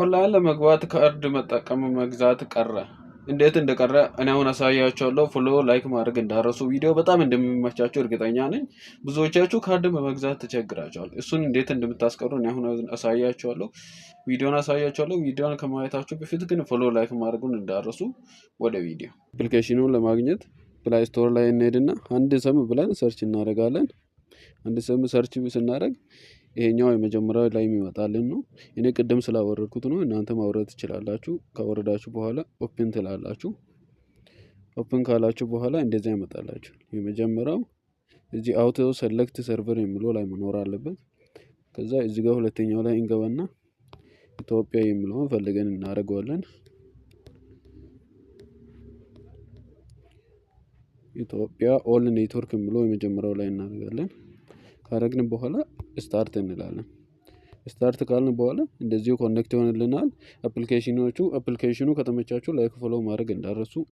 ኦንላይን ለመግባት ካርድ መጠቀም መግዛት ቀረ። እንዴት እንደቀረ እኔ አሁን አሳያቸዋለሁ። ፎሎ ላይክ ማድረግ እንዳረሱ። ቪዲዮ በጣም እንደሚመቻቸው እርግጠኛ ነኝ። ብዙዎቻችሁ ካርድ በመግዛት ተቸግራቸዋል። እሱን እንዴት እንደምታስቀሩ እኔ አሁን አሳያቸዋለሁ። ቪዲዮን አሳያቸዋለሁ። ቪዲዮን ከማየታችሁ በፊት ግን ፎሎ ላይክ ማድረጉን እንዳረሱ። ወደ ቪዲዮ አፕሊኬሽኑን ለማግኘት ፕላይ ስቶር ላይ እንሄድና አንድ ስም ብለን ሰርች እናደርጋለን። አንድ ስም ሰርች ስናደርግ ይሄኛው የመጀመሪያው ላይ የሚመጣልን ነው። እኔ ቅድም ስላወረድኩት ነው። እናንተ ማውረድ ትችላላችሁ። ካወረዳችሁ በኋላ ኦፕን ትላላችሁ። ኦፕን ካላችሁ በኋላ እንደዛ ይመጣላችሁ። የመጀመሪያው እዚህ አውቶ ሰለክት ሰርቨር የሚለው ላይ መኖር አለበት። ከዛ እዚህ ጋር ሁለተኛው ላይ እንገባና ኢትዮጵያ የሚለውን ፈልገን እናደርገዋለን። ኢትዮጵያ ኦል ኔትወርክ የሚለው የመጀመሪያው ላይ እናደርጋለን። ካረግን በኋላ ስታርት እንላለን። ስታርት ካልን በኋላ እንደዚሁ ኮኔክት ይሆንልናል። አፕሊኬሽኖቹ አፕሊኬሽኑ ከተመቻችሁ ላይክ ፎሎ ማድረግ እንዳረሱ